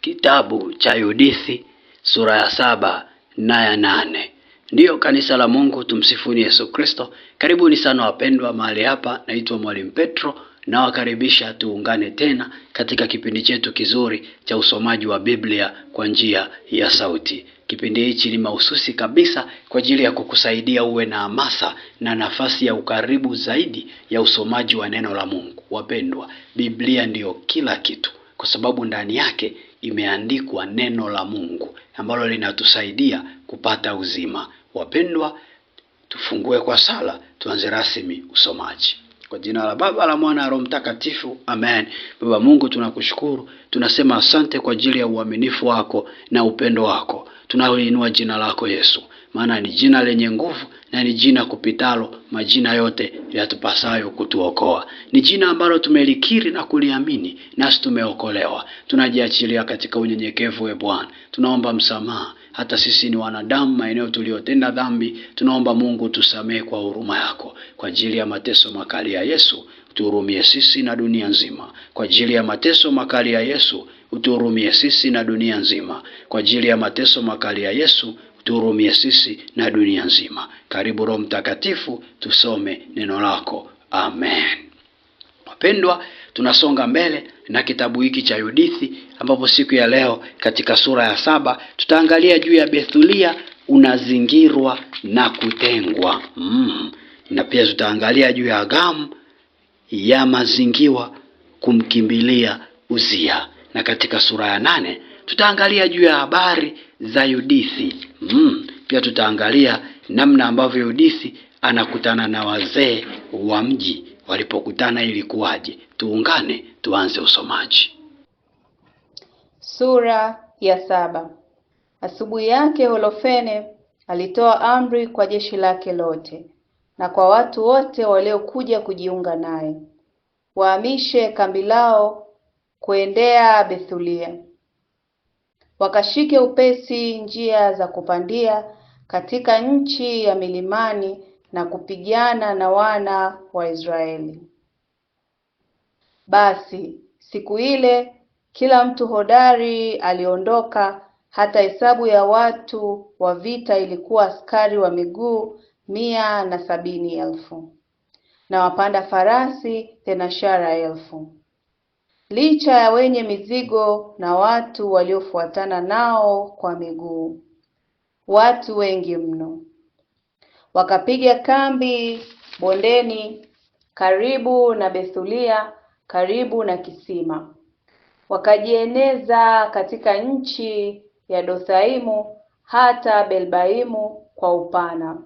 Kitabu cha Yudithi sura ya saba na ya nane. Ndiyo kanisa la Mungu, tumsifuni Yesu Kristo. Karibuni sana wapendwa mahali hapa, naitwa Mwalimu Petro na wakaribisha tuungane tena katika kipindi chetu kizuri cha usomaji wa Biblia kwa njia ya sauti. Kipindi hichi ni mahususi kabisa kwa ajili ya kukusaidia uwe na hamasa na nafasi ya ukaribu zaidi ya usomaji wa neno la Mungu. Wapendwa, Biblia ndiyo kila kitu, kwa sababu ndani yake imeandikwa neno la Mungu ambalo linatusaidia kupata uzima. Wapendwa, tufungue kwa sala, tuanze rasmi usomaji. Kwa jina la Baba la Mwana na Roho Mtakatifu, amen. Baba Mungu, tunakushukuru, tunasema asante kwa ajili ya uaminifu wako na upendo wako. Tunaliinua jina lako Yesu maana ni jina lenye nguvu na ni jina kupitalo majina yote yatupasayo kutuokoa. Ni jina ambalo tumelikiri na kuliamini, nasi tumeokolewa. Tunajiachilia katika unyenyekevu, e Bwana, tunaomba msamaha hata sisi ni wanadamu, maeneo tuliyotenda dhambi, tunaomba Mungu tusamehe kwa huruma yako. Kwa ajili ya mateso makali ya Yesu, utuhurumie sisi na dunia nzima. Kwa ajili ya mateso makali ya Yesu, utuhurumie sisi na dunia nzima. Kwa ajili ya mateso makali ya Yesu tuhurumie sisi na dunia nzima. Karibu Roho Mtakatifu, tusome neno lako. Amen. Wapendwa, tunasonga mbele na kitabu hiki cha Yudithi, ambapo siku ya leo katika sura ya saba tutaangalia juu ya Bethulia, unazingirwa na kutengwa mm. na pia tutaangalia juu ya Agamu ya mazingiwa kumkimbilia Uzia, na katika sura ya nane tutaangalia juu ya habari za Yudisi. Mm, pia tutaangalia namna ambavyo Yudisi anakutana na wazee wa mji, walipokutana ilikuwaje. Tuungane tuanze usomaji. Sura ya saba. Asubuhi yake Holofene alitoa amri kwa jeshi lake lote na kwa watu wote waliokuja kujiunga naye, waamishe kambi lao kuendea Bethulia wakashike upesi njia za kupandia katika nchi ya milimani na kupigana na wana wa Israeli. Basi siku ile kila mtu hodari aliondoka, hata hesabu ya watu wa vita ilikuwa askari wa miguu mia na sabini elfu na wapanda farasi thenashara elfu licha ya wenye mizigo na watu waliofuatana nao kwa miguu, watu wengi mno. Wakapiga kambi bondeni, karibu na Bethulia, karibu na kisima, wakajieneza katika nchi ya Dothaimu hata Belbaimu kwa upana,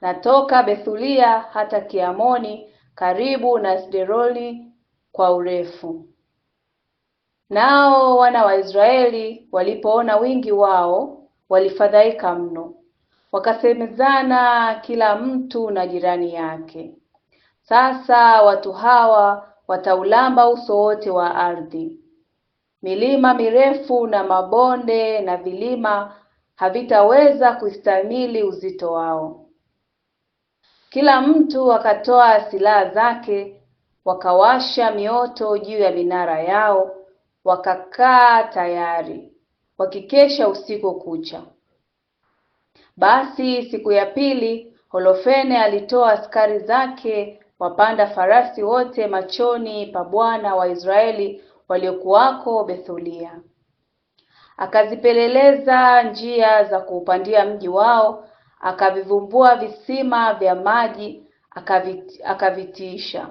na toka Bethulia hata Kiamoni, karibu na Sderoli kwa urefu. Nao wana wa Israeli walipoona wingi wao, walifadhaika mno, wakasemezana kila mtu na jirani yake, sasa watu hawa wataulamba uso wote wa ardhi. Milima mirefu na mabonde na vilima havitaweza kustahimili uzito wao. Kila mtu akatoa silaha zake, wakawasha mioto juu ya minara yao wakakaa tayari, wakikesha usiku kucha. Basi siku ya pili Holofene alitoa askari zake wapanda farasi wote machoni pa Bwana wa Israeli waliokuwako Bethulia. Akazipeleleza njia za kuupandia mji wao, akavivumbua visima vya maji, akavitiisha.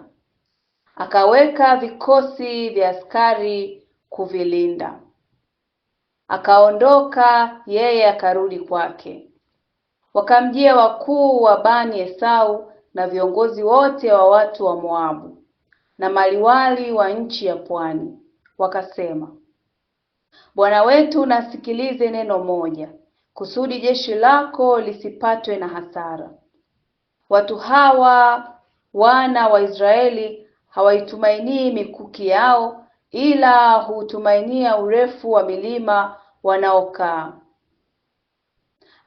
Akaweka vikosi vya askari kuvilinda. Akaondoka yeye akarudi kwake. Wakamjia wakuu wa Bani Esau na viongozi wote wa watu wa Moabu na maliwali wa nchi ya pwani, wakasema, Bwana wetu nasikilize neno moja, kusudi jeshi lako lisipatwe na hasara. Watu hawa wana wa Israeli hawaitumainii mikuki yao ila hutumainia urefu wa milima wanaokaa,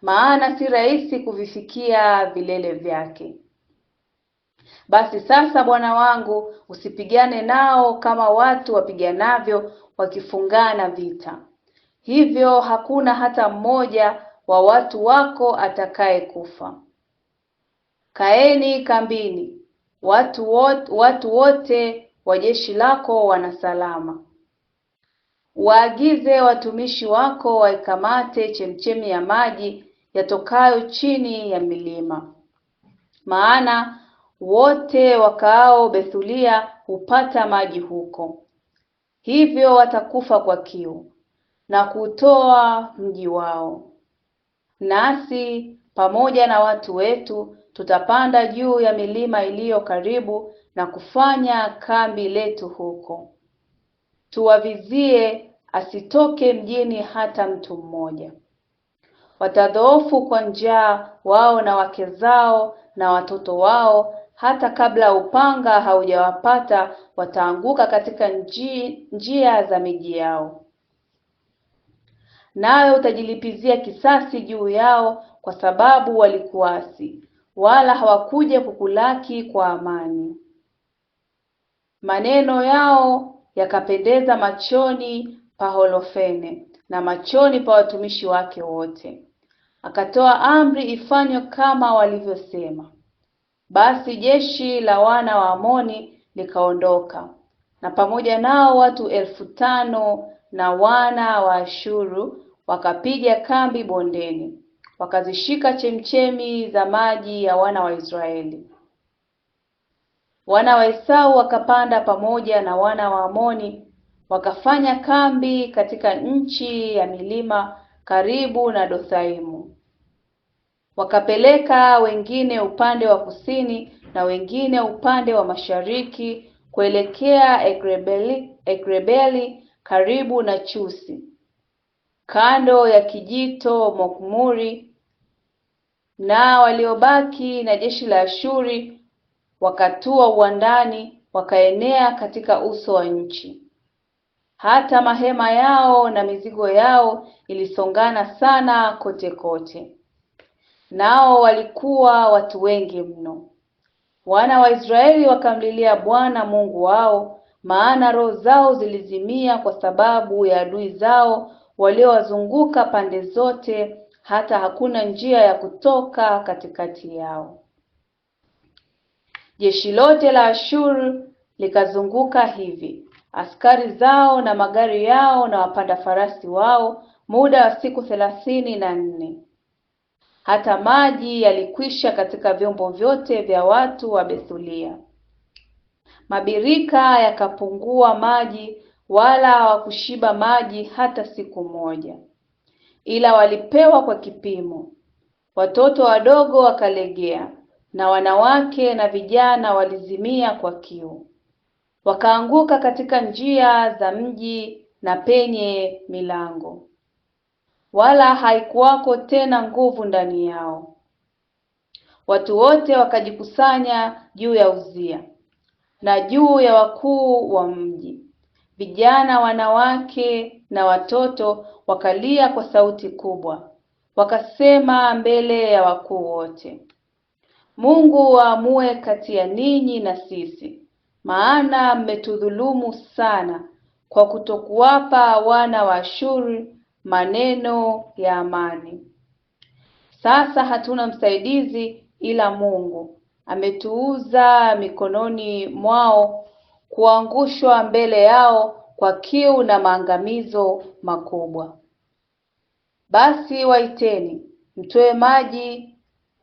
maana si rahisi kuvifikia vilele vyake. Basi sasa, Bwana wangu, usipigane nao kama watu wapiganavyo wakifungana vita, hivyo hakuna hata mmoja wa watu wako atakayekufa. Kaeni kambini watu wote, watu wote wa jeshi lako wana salama. Waagize watumishi wako waikamate chemchemi ya maji yatokayo chini ya milima, maana wote wakaao Bethulia hupata maji huko, hivyo watakufa kwa kiu na kutoa mji wao. Nasi pamoja na watu wetu tutapanda juu ya milima iliyo karibu na kufanya kambi letu huko. Tuwavizie asitoke mjini hata mtu mmoja. Watadhoofu kwa njaa wao na wake zao na watoto wao, hata kabla upanga haujawapata wataanguka katika njia za miji yao. Nawe utajilipizia kisasi juu yao, kwa sababu walikuasi, wala hawakuja kukulaki kwa amani. Maneno yao yakapendeza machoni pa Holofene na machoni pa watumishi wake wote. Akatoa amri ifanywe kama walivyosema. Basi jeshi la wana wa Amoni likaondoka na pamoja nao watu elfu tano na wana wa Ashuru wakapiga kambi bondeni, wakazishika chemchemi za maji ya wana wa Israeli. Wana wa Esau wakapanda pamoja na wana wa Amoni wakafanya kambi katika nchi ya milima karibu na Dothaimu. Wakapeleka wengine upande wa kusini na wengine upande wa mashariki kuelekea Ekrebeli, Ekrebeli karibu na Chusi kando ya kijito Mokmuri, na waliobaki na jeshi la Ashuri wakatua uwandani, wakaenea katika uso wa nchi. Hata mahema yao na mizigo yao ilisongana sana kote kote. Nao walikuwa watu wengi mno. Wana wa Israeli wakamlilia Bwana Mungu wao, maana roho zao zilizimia kwa sababu ya adui zao waliowazunguka pande zote, hata hakuna njia ya kutoka katikati yao. Jeshi lote la Ashuru likazunguka hivi, askari zao na magari yao na wapanda farasi wao, muda wa siku thelathini na nne. Hata maji yalikwisha katika vyombo vyote vya watu wa Bethulia. Mabirika yakapungua maji, wala hawakushiba maji hata siku moja, ila walipewa kwa kipimo. Watoto wadogo wakalegea na wanawake na vijana walizimia kwa kiu, wakaanguka katika njia za mji na penye milango, wala haikuwako tena nguvu ndani yao. Watu wote wakajikusanya juu ya Uzia na juu ya wakuu wa mji, vijana, wanawake na watoto, wakalia kwa sauti kubwa, wakasema mbele ya wakuu wote Mungu aamue kati ya ninyi na sisi, maana mmetudhulumu sana kwa kutokuwapa wana wa Ashuru maneno ya amani. Sasa hatuna msaidizi ila Mungu, ametuuza mikononi mwao kuangushwa mbele yao kwa kiu na maangamizo makubwa. Basi waiteni, mtoe maji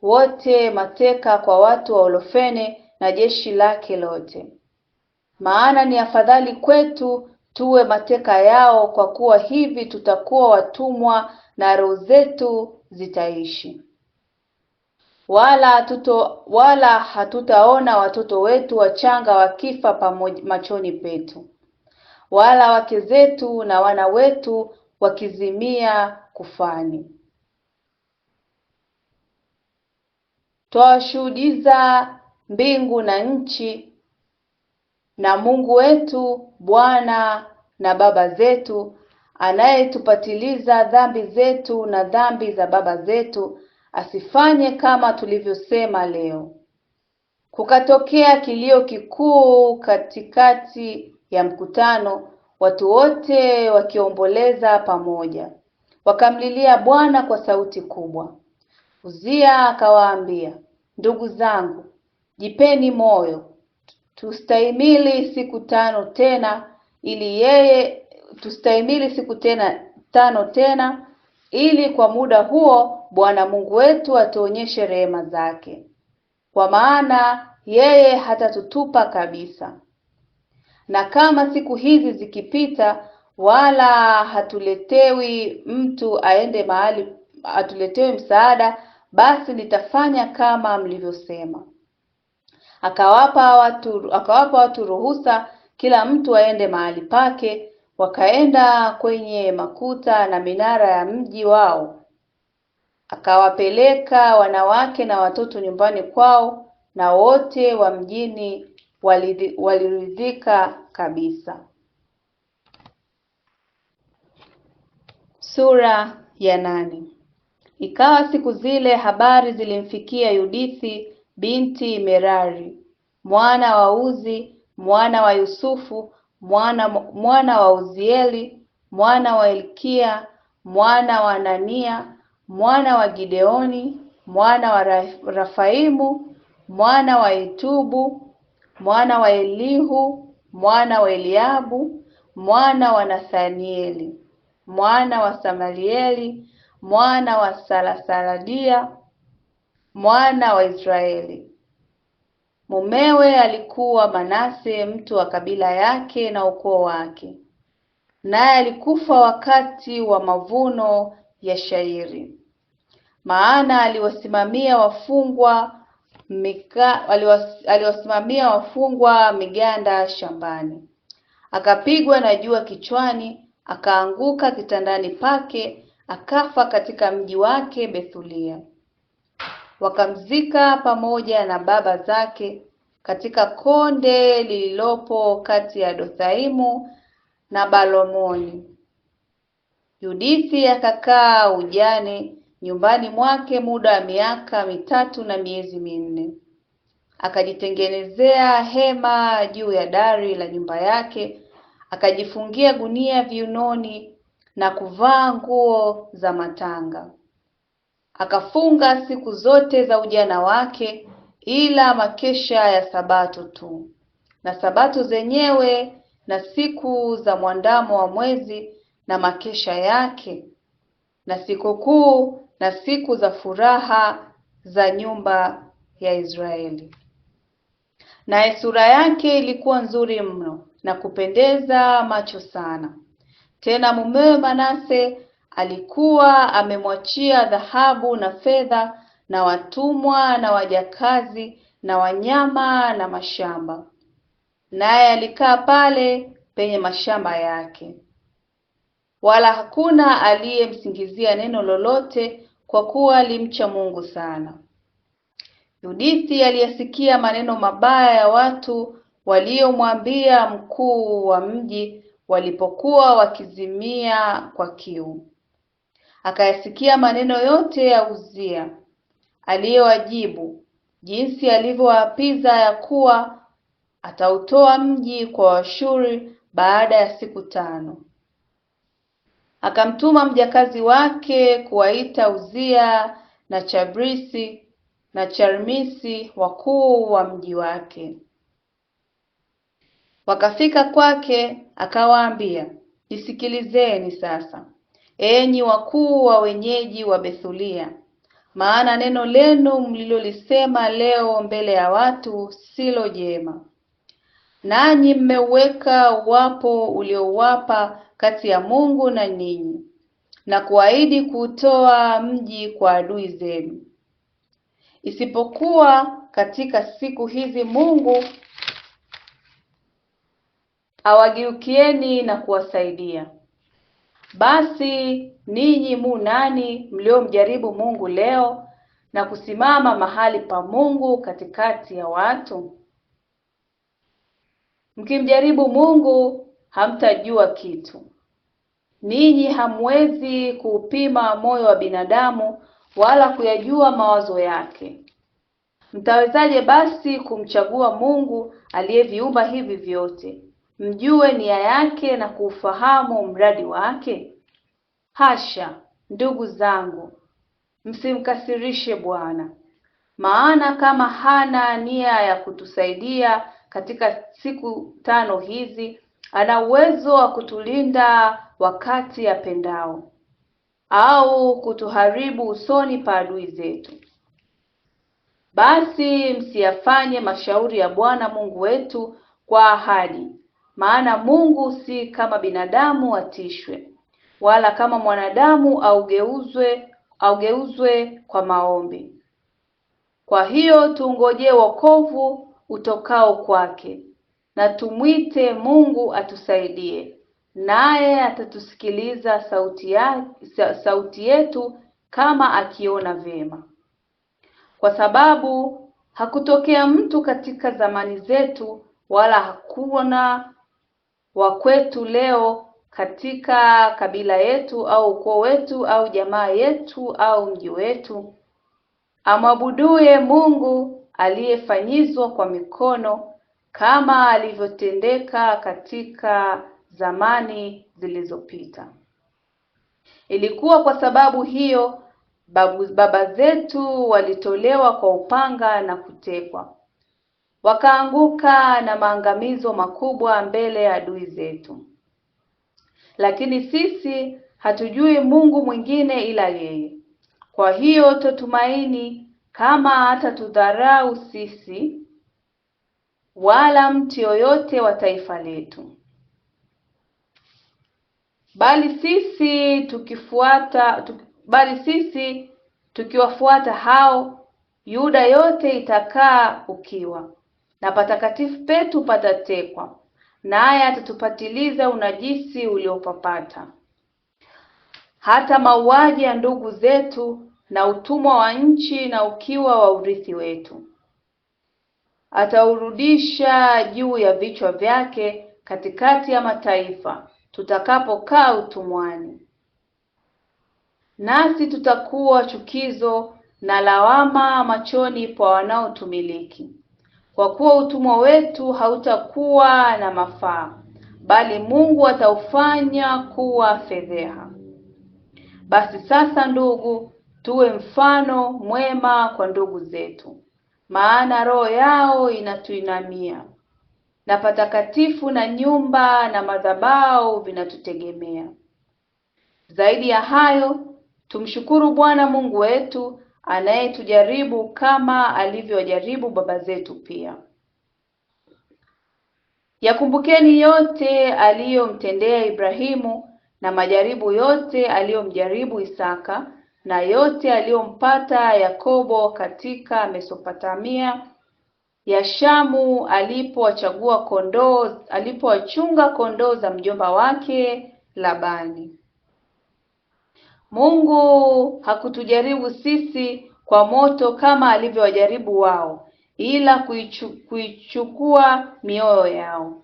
wote mateka kwa watu wa Olofene na jeshi lake lote. Maana ni afadhali kwetu tuwe mateka yao, kwa kuwa hivi tutakuwa watumwa na roho zetu zitaishi. Wala tuto, wala hatutaona watoto wetu wachanga wakifa pamoja machoni petu, wala wake zetu na wana wetu wakizimia kufani. twawashuhudiza mbingu na nchi na Mungu wetu Bwana na baba zetu, anayetupatiliza dhambi zetu na dhambi za baba zetu, asifanye kama tulivyosema leo. Kukatokea kilio kikuu katikati ya mkutano, watu wote wakiomboleza pamoja, wakamlilia Bwana kwa sauti kubwa. Uzia akawaambia, ndugu zangu, jipeni moyo, tustahimili siku tano tena, ili yeye tustahimili siku tena tano tena, ili kwa muda huo Bwana Mungu wetu atuonyeshe rehema zake, kwa maana yeye hatatutupa kabisa. Na kama siku hizi zikipita, wala hatuletewi mtu aende mahali, hatuletewi msaada basi nitafanya kama mlivyosema. Akawapa watu, akawapa watu ruhusa, kila mtu aende mahali pake. Wakaenda kwenye makuta na minara ya mji wao. Akawapeleka wanawake na watoto nyumbani kwao, na wote wa mjini waliridhika kabisa. Sura ya nane. Ikawa siku zile habari zilimfikia Yudithi binti Merari mwana wa Uzi mwana wa Yusufu mwana mwana wa Uzieli mwana wa Elkia mwana wa Anania mwana wa Gideoni mwana wa Rafaimu mwana wa Itubu mwana wa Elihu mwana wa Eliabu mwana wa Nathanieli mwana wa Samalieli mwana wa Salasaladia mwana wa Israeli. Mumewe alikuwa Manase, mtu wa kabila yake na ukoo wake, naye alikufa wakati wa mavuno ya shairi, maana aliwasimamia wafungwa mika, aliwasimamia wafungwa miganda shambani. Akapigwa na jua kichwani, akaanguka kitandani pake akafa katika mji wake Bethulia. Wakamzika pamoja na baba zake katika konde lililopo kati ya Dothaimu na Balomoni. Yudithi akakaa ujane nyumbani mwake muda wa miaka mitatu na miezi minne. Akajitengenezea hema juu ya dari la nyumba yake, akajifungia gunia viunoni na kuvaa nguo za matanga. Akafunga siku zote za ujana wake, ila makesha ya sabato tu, na sabato zenyewe na siku za mwandamo wa mwezi na makesha yake, na sikukuu na siku za furaha za nyumba ya Israeli. Naye sura yake ilikuwa nzuri mno na kupendeza macho sana. Tena mumewe Manase alikuwa amemwachia dhahabu na fedha na watumwa na wajakazi na wanyama na mashamba, naye alikaa pale penye mashamba yake, wala hakuna aliyemsingizia neno lolote, kwa kuwa alimcha Mungu sana. Yudithi aliyasikia maneno mabaya ya watu waliomwambia mkuu wa mji walipokuwa wakizimia kwa kiu. Akayasikia maneno yote ya Uzia aliyowajibu, jinsi alivyowaapiza ya kuwa atautoa mji kwa Washuri baada ya siku tano. Akamtuma mjakazi wake kuwaita Uzia na Chabrisi na Charmisi wakuu wa mji wake. Wakafika kwake akawaambia, nisikilizeni sasa, enyi wakuu wa wenyeji wa Bethulia, maana neno lenu mlilolisema leo mbele ya watu silo jema, nanyi mmeuweka uwapo uliowapa kati ya Mungu na ninyi na kuahidi kutoa mji kwa adui zenu, isipokuwa katika siku hizi Mungu awageukieni na kuwasaidia. Basi ninyi mu nani mliomjaribu Mungu leo na kusimama mahali pa Mungu katikati ya watu? Mkimjaribu Mungu hamtajua kitu. Ninyi hamwezi kuupima moyo wa binadamu wala kuyajua mawazo yake. Mtawezaje basi kumchagua Mungu aliyeviumba hivi vyote? mjue nia yake na kuufahamu mradi wake? Hasha, ndugu zangu, msimkasirishe Bwana, maana kama hana nia ya kutusaidia katika siku tano hizi, ana uwezo wa kutulinda wakati apendao, au kutuharibu usoni pa adui zetu. Basi msiyafanye mashauri ya Bwana Mungu wetu kwa ahadi, maana Mungu si kama binadamu atishwe, wala kama mwanadamu augeuzwe augeuzwe kwa maombi. Kwa hiyo tungojee wokovu utokao kwake, na tumwite Mungu atusaidie, naye atatusikiliza sauti ya, sauti yetu kama akiona vyema, kwa sababu hakutokea mtu katika zamani zetu, wala hakuna wa kwetu leo katika kabila yetu au ukoo wetu au jamaa yetu au mji wetu, amwabuduye Mungu aliyefanyizwa kwa mikono kama alivyotendeka katika zamani zilizopita. Ilikuwa kwa sababu hiyo babu, baba zetu walitolewa kwa upanga na kutekwa wakaanguka na maangamizo makubwa mbele ya adui zetu. Lakini sisi hatujui Mungu mwingine ila yeye, kwa hiyo tutumaini kama hatatudharau sisi wala mtu yoyote wa taifa letu, bali sisi tukifuata tuk, bali sisi tukiwafuata hao Yuda yote itakaa ukiwa na patakatifu petu patatekwa, naye atatupatiliza unajisi uliopapata. Hata mauaji ya ndugu zetu na utumwa wa nchi na ukiwa wa urithi wetu ataurudisha juu ya vichwa vyake katikati ya mataifa, tutakapokaa utumwani. Nasi tutakuwa chukizo na lawama machoni pa wanaotumiliki kwa kuwa utumwa wetu hautakuwa na mafaa, bali Mungu ataufanya kuwa fedheha. Basi sasa, ndugu, tuwe mfano mwema kwa ndugu zetu, maana roho yao inatuinamia na patakatifu na nyumba na madhabahu vinatutegemea. Zaidi ya hayo, tumshukuru Bwana Mungu wetu anayetujaribu kama alivyowajaribu baba zetu pia. Yakumbukeni yote aliyomtendea Ibrahimu na majaribu yote aliyomjaribu Isaka na yote aliyompata Yakobo katika Mesopotamia ya Shamu alipowachagua kondoo alipowachunga kondoo za mjomba wake Labani. Mungu hakutujaribu sisi kwa moto kama alivyowajaribu wao, ila kuichu, kuichukua mioyo yao,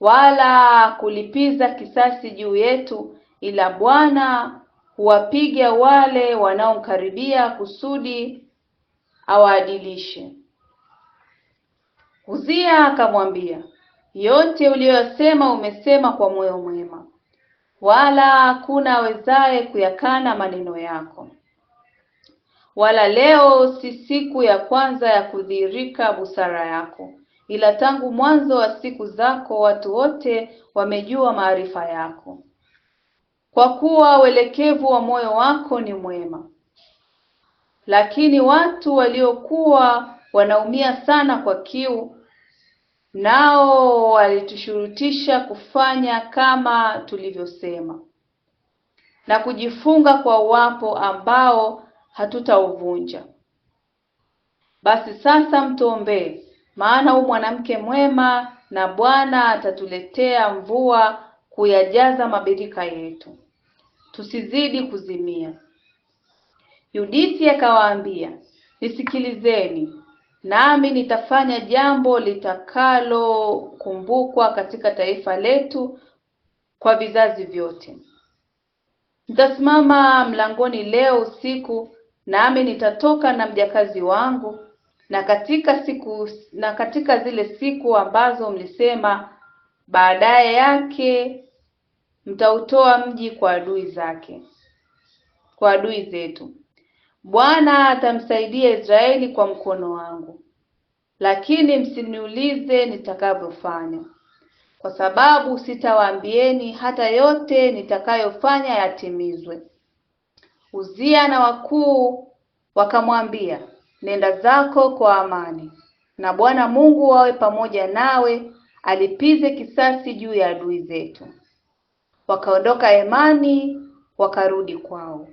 wala kulipiza kisasi juu yetu, ila Bwana huwapiga wale wanaomkaribia kusudi awaadilishe. Uzia akamwambia, yote uliyosema umesema kwa moyo mwema, wala hakuna awezaye kuyakana maneno yako. Wala leo si siku ya kwanza ya kudhihirika busara yako, ila tangu mwanzo wa siku zako watu wote wamejua maarifa yako, kwa kuwa uelekevu wa moyo wako ni mwema. Lakini watu waliokuwa wanaumia sana kwa kiu nao walitushurutisha kufanya kama tulivyosema na kujifunga kwa uwapo ambao hatutauvunja. Basi sasa mtuombee, maana huyu mwanamke mwema, na Bwana atatuletea mvua kuyajaza mabirika yetu, tusizidi kuzimia. Yudithi akawaambia, nisikilizeni nami nitafanya jambo litakalokumbukwa katika taifa letu kwa vizazi vyote. Nitasimama mlangoni leo usiku, nami nitatoka na mjakazi wangu, na katika siku na katika zile siku ambazo mlisema baadaye yake mtautoa mji kwa adui zake, kwa adui zetu. Bwana atamsaidia Israeli kwa mkono wangu, lakini msiniulize nitakavyofanya, kwa sababu sitawaambieni hata yote nitakayofanya yatimizwe. Uzia na wakuu wakamwambia, nenda zako kwa amani, na Bwana Mungu wawe pamoja nawe, alipize kisasi juu ya adui zetu. Wakaondoka Emani wakarudi kwao.